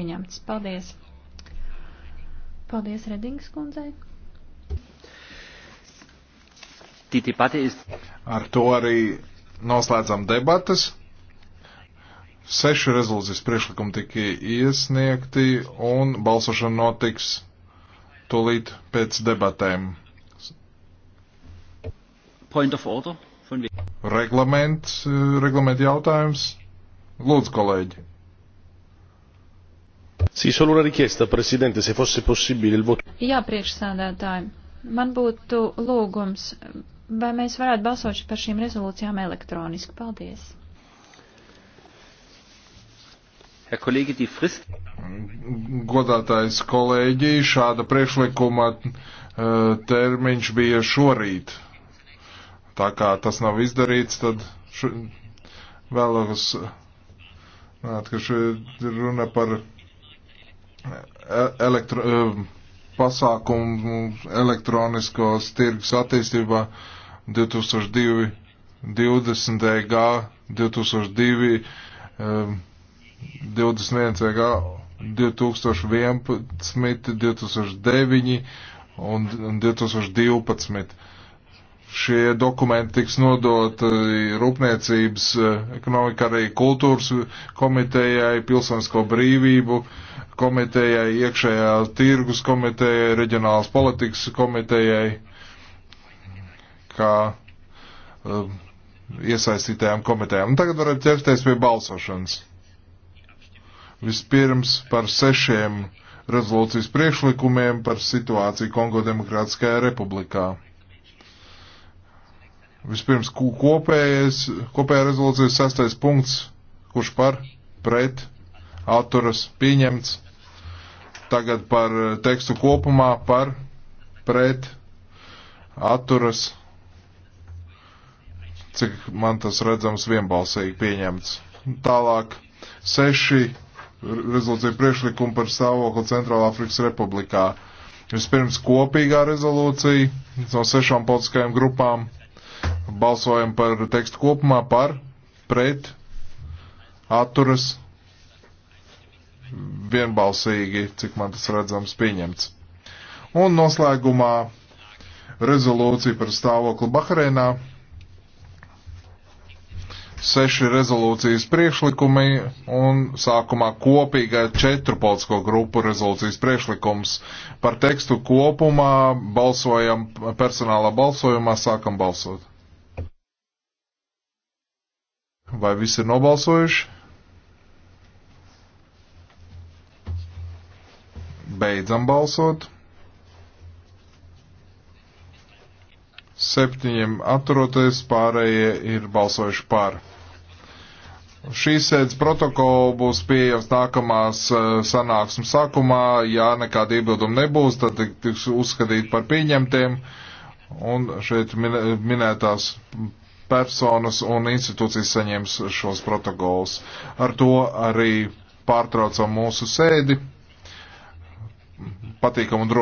pieņemts. Paldies! Paldies Redings kundzei! Ar to arī noslēdzam debatas. Seši rezolūcijas priekšlikumi tika iesniegti un balsošana notiks tūlīt pēc debatēm. Point of order. Reglaments, eh, reglamenta jautājums. Lūdzu, kolēģi. Sì, solo una richiesta, Presidente, se fosse possibile il voto. Jā, priekšsādātāji, man būtu lūgums, vai mēs varētu balsot par šīm rezolūcijām elektroniski. Paldies. Herr Kollege, die Frist. Godātais kolēģi, šāda priekšlikuma eh, termiņš bija šorīt. Tā kā tas nav izdarīts, tad vēlos, eh, ka šeit runa par elektro, eh, pasākumu elektroniskos tirgus attīstībā 2002, 20 EG, 2002, 21 EG, 2011, 2009 un 2012 šie dokumenti tiks nodot rūpniecības, eh, ekonomika arī kultūras komitejai, pilsonisko brīvību, komitejai, iekšējā tirgus komitejai, reģionālas politikas komitejai, kā uh, iesaistītajām komitejām. Un tagad varētu ķerties pie balsošanas. Vispirms par sešiem rezolūcijas priekšlikumiem par situāciju Kongo Demokrātiskajā republikā. Vispirms kopējais, kopējā rezolūcijas sastais punkts, kurš par, pret, atturas, pieņemts. Tagad par eh, tekstu kopumā par pret atturas, cik man tas redzams vienbalsīgi pieņemts. Tālāk seši rezolūcija priekšlikumi par stāvokli Centrālāfrikas Republikā. Vispirms kopīgā rezolūcija no sešām politiskajām grupām. Balsojam par tekstu kopumā par, pret, atturas, vienbalsīgi, cik man tas redzams, pieņemts. Un noslēgumā rezolūcija par stāvokli Bahreinā. Seši rezolūcijas priekšlikumi un sākumā kopīgā četru politisko grupu rezolūcijas priekšlikums. Par tekstu kopumā balsojam, personālā balsojumā sākam balsot. Vai visi ir nobalsojuši? Beidzam balsot. Septiņiem atturoties, pārējie ir balsojuši par. Šīs sēdes protokola būs pieejams nākamās eh, sanāksmes sākumā. Ja nekāda iebilduma nebūs, tad tiks uzskatīt par pieņemtiem. Un šeit minētās personas un institūcijas saņems šos protokolus. Ar to arī pārtraucam mūsu sēdi patīkamu un drošu.